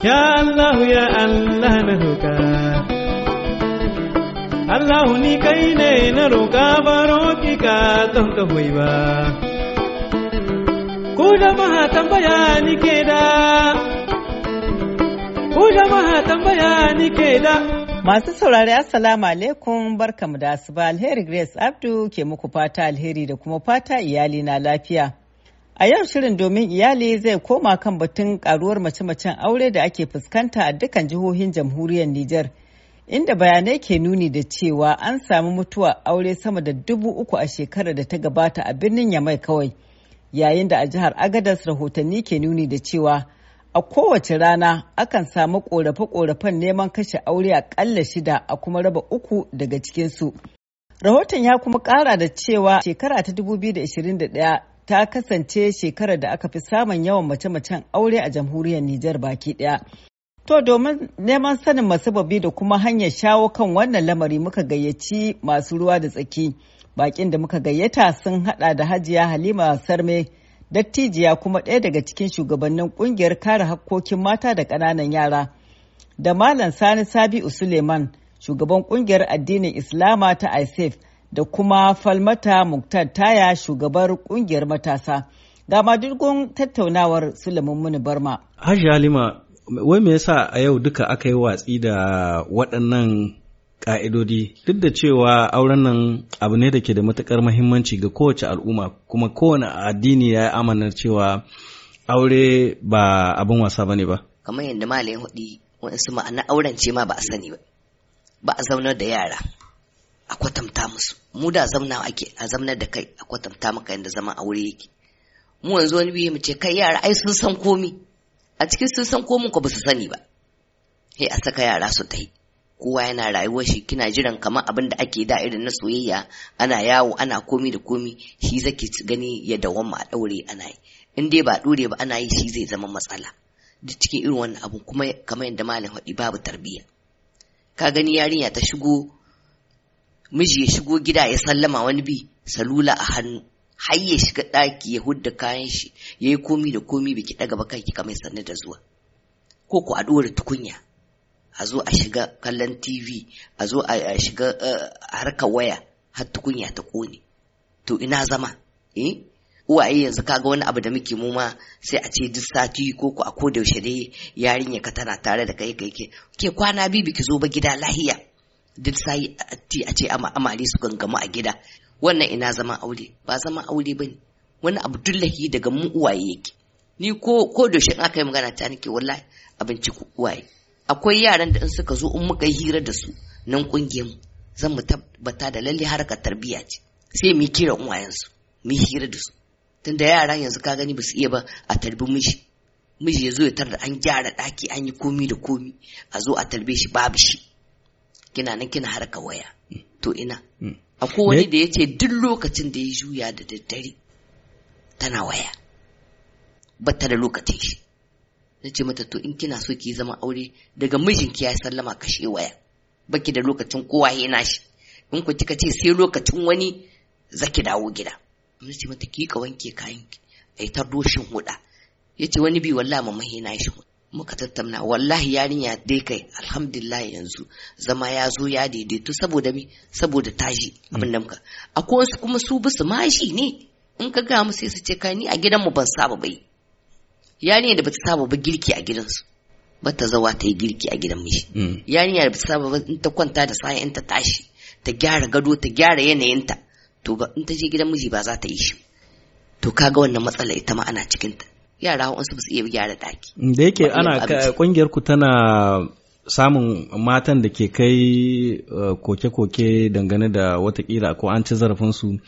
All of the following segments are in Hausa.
Ya Allah ya Allah na roƙa Allah ni kai ne na roƙa baro ki ka don ka hoyi ba Ku jama'a tambaya ni ke da Ku jama'a tambaya ni ke da Masu saurari Assalamu alaikum barkamu da asuba alheri Grace Abdu ke muku fata alheri da kuma fata iyali na lafiya A yau shirin domin iyali zai koma kan batun karuwar mace-macen aure da ake fuskanta a dukkan jihohin jamhuriyar Nijar. Inda bayanai ke nuni da cewa an samu mutuwa aure sama da dubu uku a shekarar da ta gabata a birnin Yamai kawai. Yayin da a jihar Agadas rahotanni ke nuni da cewa a kowace rana akan samu korafe-korafen neman kashe aure aƙalla shida a kuma raba uku daga cikinsu. Rahoton ya kuma ƙara da cewa shekara ta 2021 ta kasance shekarar da aka fi samun yawan mace-macen aure a jamhuriyar Nijar baki ɗaya. To domin neman sanin masababi da kuma hanyar shawo kan wannan lamari muka gayyaci masu ruwa da tsaki. Bakin da muka gayyata sun hada da Hajiya Halima Sarme dattijiya kuma ɗaya daga cikin shugabannin kungiyar kare hakkokin mata da ƙananan yara. Da Malam Sani Sabi'u Suleiman, shugaban kungiyar addinin Islama ta ISAF. E da kuma Falmata Muktar Taya shugabar kungiyar matasa. Ga madurgun tattaunawar sulamin Muni Barma. Haji Halima, wai me yasa a yau duka aka yi watsi da waɗannan ka'idodi duk da cewa auren nan abu ne da ke da matuƙar muhimmanci ga kowace al'umma kuma kowane addini ya yi amanar cewa aure ba abin wasa ba ne ba. Kamar yadda malayin hudi su ma'ana auren ce ma ba a sani ba. Ba a zaunar da yara. a kwatanta musu mu da zamna ake a zamnar da kai a kwatanta maka yadda zama a wuri yake mu yanzu wani biyu mu ce kai yara ai sun san komi a cikin sun san komin ko ba su sani ba he a saka yara su tai kowa yana rayuwar shi kina jiran kamar abin da ake da irin na soyayya ana yawo ana komi da komi shi zake gani ya dawamma a daure ana yi in dai ba dure ba ana yi shi zai zama matsala duk cikin irin wannan abu kuma kamar yadda malam faɗi babu tarbiyya ka gani yarinya ta shigo miji ya shigo gida ya sallama wani bi salula a hannu har ya shiga ɗaki ya hudda kayan shi ya yi komi da komi biki ɗaga ba kai kamar sanin da zuwa ko ku a ɗora tukunya a zo a shiga kallon tv a zo a shiga eh, harka waya har tukunya ta kone to ina zama eh uwaye yanzu kaga wani abu da muke muma sai a ce duk sati ko ku a koda yaushe dai yarinya ka tana tare da kai kai ke kwana bibi ki zo ba gida lahiya duk sai a ce amare su gangamu a gida wannan ina zama aure ba zama aure bane wani Abdullahi daga mu uwaye yake ni ko ko da shi aka yi magana ta nake wallahi abinci ku uwaye akwai yaran da in suka zo in muka hira da su nan kungiyar mu zan mu tabbata da lalle harkar tarbiyya ce sai mu kira uwayen su mu hira da su tunda yaran yanzu ka gani ba su iya ba a tarbi miji miji ya zo ya tarda an gyara daki an yi komi da komi a zo a tarbe shi babu shi kina nan kina harka waya hmm. to ina hmm. akwai wani da ya ce duk lokacin da ya juya da daddare tana waya ba ta da lokacin shi na ce mata to in kina so ki zama aure daga mijinki ya sallama kashe waya baki da lokacin kowa ya na shi in ku kika ce sai lokacin wani zaki dawo gida na ce mata ki ka wanke kayan ki ai ta doshin huda yace wani bi wallahi mamma na shi muka tattauna wallahi yarinya dai kai alhamdulillah yanzu zama ya zo ya daidaitu saboda mi saboda tashi abin da muka akwai wasu kuma su bisu mashi ne in ka ga mu sai su ce kai ni a gidan mu ban saba bai yarinya da bata saba ba girki a gidansu bata zawa ta yi girki a gidan mishi hmm. yarinya da bata saba ba in ta kwanta da sa'a in ta tashi ta gyara gado ta gyara yanayinta to ba in ta je gidan miji ba za ta yi shi to kaga wannan matsala ita ma ana cikinta yara wasu ba su iya gyara daki da yake ana kungiyar ku tana samun matan da ke kai eh, koke-koke dangane da watakila ko an ci zarafinsu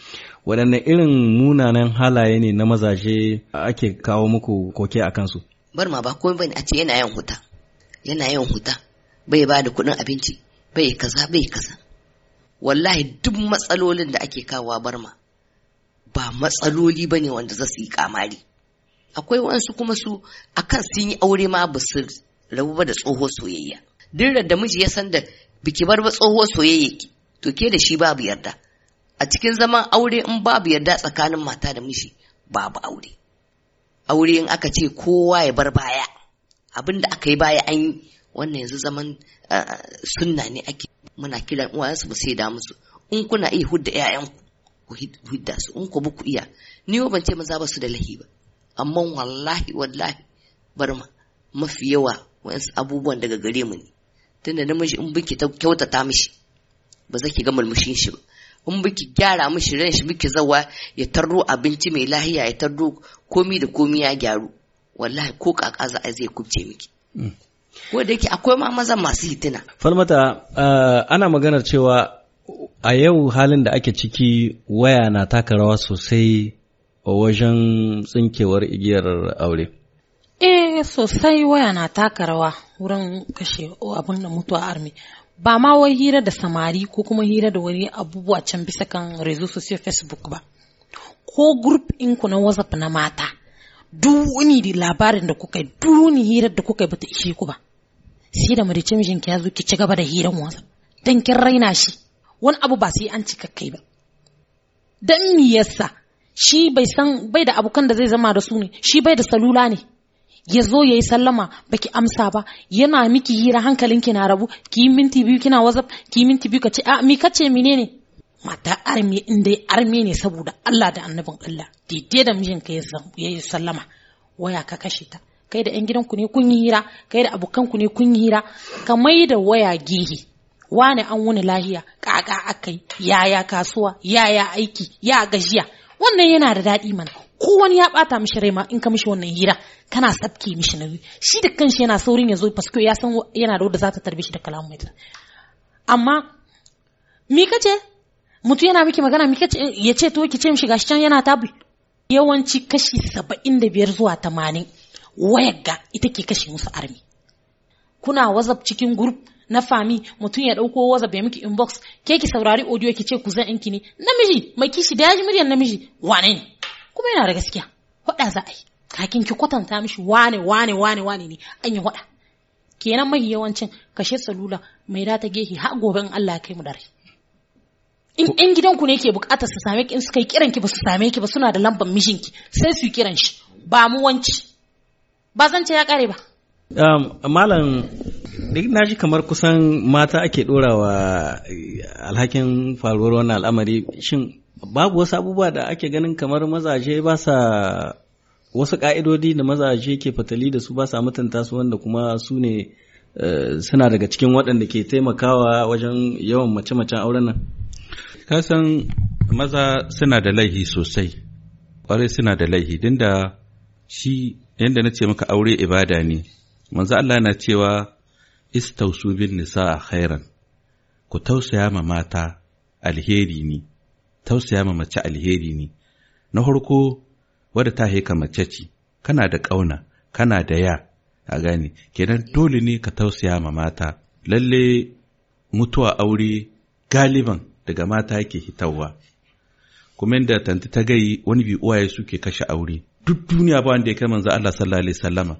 waɗanne irin munanan halaye ne na mazaje ake kawo muku koke a kansu bar ma ba komai bane a ce yana yin huta yana yin huta bai ba da kuɗin abinci bai kaza bai kaza wallahi duk matsalolin da ake kawo barma ba matsaloli bane wanda za su yi kamari akwai wasu kuma su akan sun yi aure ma ba su rabu ba da tsoho soyayya duk da miji ya san da biki bar ba tsoho soyayya to ke da shi babu yarda a cikin zaman aure in babu yarda tsakanin mata da miji babu aure aure in aka ce kowa ya bar baya abin da aka yi baya an yi wannan yanzu zaman sunna ne ake muna kiran uwayensu ba sai da musu in kuna iya hudda 'ya'yanku ku hudda su in ku ba ku iya ni ban ce maza ba su da lahi ba amma wallahi wallahi barma mafi yawa wayansu abubuwan daga gare mu ne tunda namiji in biki kyautata mishi ba za ki ga mulmushin shi ba in biki gyara mishi ran shi biki zawa ya tarro abinci mai lahiya ya tarro komi da komi ya gyaru wallahi ko kaka za a zai kubce miki mm. ko da yake akwai ma maza masu hitina falmata eh, ana maganar cewa a yau halin da ake ciki waya na taka rawa sosai wajen tsinkewar igiyar aure? Eh sosai waya na taka rawa wurin kashe abin da mutuwa armi. Ba ma wai hira da samari ko kuma hira da wani abubuwa can bisa kan rezo sosai Facebook ba. Ko group inku na WhatsApp na mata. duwuni da labarin da kuka yi, hirar da kuka yi bata ishe ku ba. Sai da marice ya zo ki ci gaba da hirar WhatsApp. Dan kin raina shi. Wani abu ba sai an cika kai ba. Dan me yasa? shi bai san bai da abokan da zai zama da su ne shi bai da salula ne ya zo ya yi sallama baki amsa ba yana miki hira hankalin ki na rabu ki yi minti biyu kina wazaf ki yi minti biyu ka ce a ah, mi ka ce mine ne mata arme in dai arme ne saboda Allah da annabin Allah daidai da mijinka ya yi sallama waya ka kashe ta kai da yan ku ne kun yi hira kai da abokanku ne kun yi hira ka mai da waya gehe wani an wuni lahiya kaka akai yaya kasuwa yaya aiki ya gajiya wannan yana da daɗi mana ko wani ya ɓata mishi rai ma in ka mishi wannan hira kana sabke mishi nauyi shi da kanshi yana saurin ya zo fasko ya san yana da wadda za ta tarbe shi da kalamu mai amma mi ce mutu yana miki magana mi ce ya ce to ki ce mishi gashi can yana tabi yawanci kashi saba'in da biyar zuwa tamanin wayar ga ita ke kashe musu armi kuna wazab cikin grup na fami mutum ya dauko waza ya miki inbox ke ki saurari audio ki ce kuzan inki ne namiji mai kishi da yaji muryar namiji wane ne kuma yana da gaskiya hoda za a yi kakin ki kwatanta mishi wane wane wane wane ne an yi hoda kenan mai yawancin kashe salula mai rata gehe har gobe in Allah ya kai mu dare in gidan gidanku ne ke bukatar su same ki in suka yi kiran ki ba su same ki ba suna da lambar ki sai su yi kiran shi ba mu wanci ba zan ce ya kare ba um, malam duk na ji kamar kusan mata ake ɗorawa eh, alhakin faruwar wannan al'amari shin babu wasu abubuwa da ake ganin kamar mazaje ba sa wasu ka'idodi da mazaje ke fatali da su ba sa mutunta su wanda kuma su ne eh, suna daga cikin waɗanda ke taimakawa wajen yawan mace-macen auren nan. Kasan maza suna da laihi sosai, ƙwarai suna da laihi, dinda shi yadda na ce maka aure ibada ne. manzo Allah na cewa istausu bin nisa a khairan ku tausaya ma mata alheri ne tausaya ma mace alheri ne na farko wadda ta haika mace ce kana da ƙauna kana da ya a gane kenan dole ne ka tausaya ma mata lalle mutuwa aure galiban daga mata yake hitawa kuma inda tanti ta gai wani bi uwaye suke kashe aure duk duniya ba wanda ya kai manzo Allah sallallahu alaihi wasallama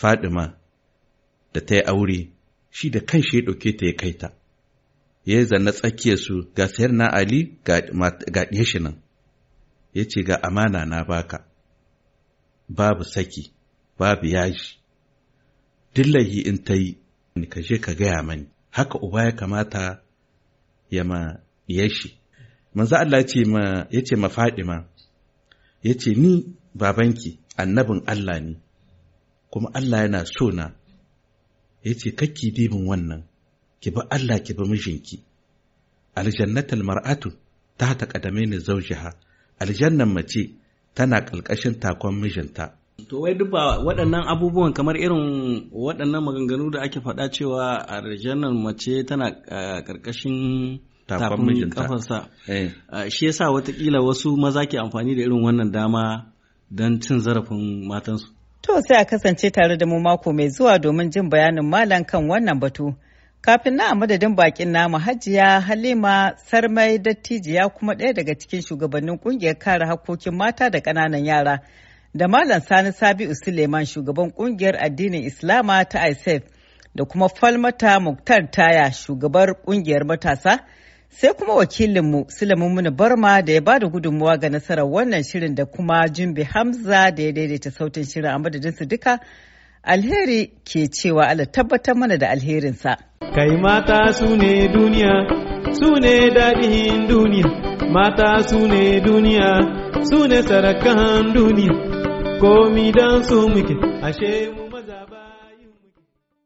Fadima da ta yi aure shi da kanshi ya ɗauke ta ya kai ta ya yi zanna tsakiyarsu ga sayar na ali ga ɗeshi nan ya ce ga amana na baka babu saki babu yaji dillahi in ta yi ka je ka gaya mani haka uba ya kamata ya ma yashi manzo Allah ya ce ma yace ma Ya yace ni babanki annabin Allah ne kuma Allah yana so na ya ce kakki bibin wannan ki bi Allah ki bi mijinki aljannatul mar'atu ta ta kadame ne zaujiha aljannan mace tana kalkashin takon mijinta to wai duk waɗannan abubuwan kamar irin waɗannan maganganu da ake faɗa cewa aljannan mace tana ƙarƙashin takon kafarsa eh. shi yasa watakila wasu maza ke amfani da irin wannan dama don cin zarafin matansu To sai a kasance tare da mu mako mai zuwa domin jin bayanin malam kan wannan batu. Kafin na a madadin bakin namu hajiya Halima Sarmai Dattijiya kuma ɗaya daga cikin shugabannin kungiyar kare hakokin mata da ƙananan yara. Da Malam Sani Sabi'u Suleiman shugaban kungiyar addinin Islama ta ISEF da kuma Falmata Muktar Taya shugabar kungiyar matasa. sai kuma wakilinmu Sulaiman Muna Barma da ya bada gudunmuwa ga nasarar wannan shirin da kuma Jumbe Hamza da ya daidaita sautin shirin a madadin su duka alheri ke cewa Allah tabbatar mana da alherinsa. Kai mata su ne duniya, su ne daɗin duniya, mata su ne duniya, su ne sarakan duniya, komi don su muke, ashe mu.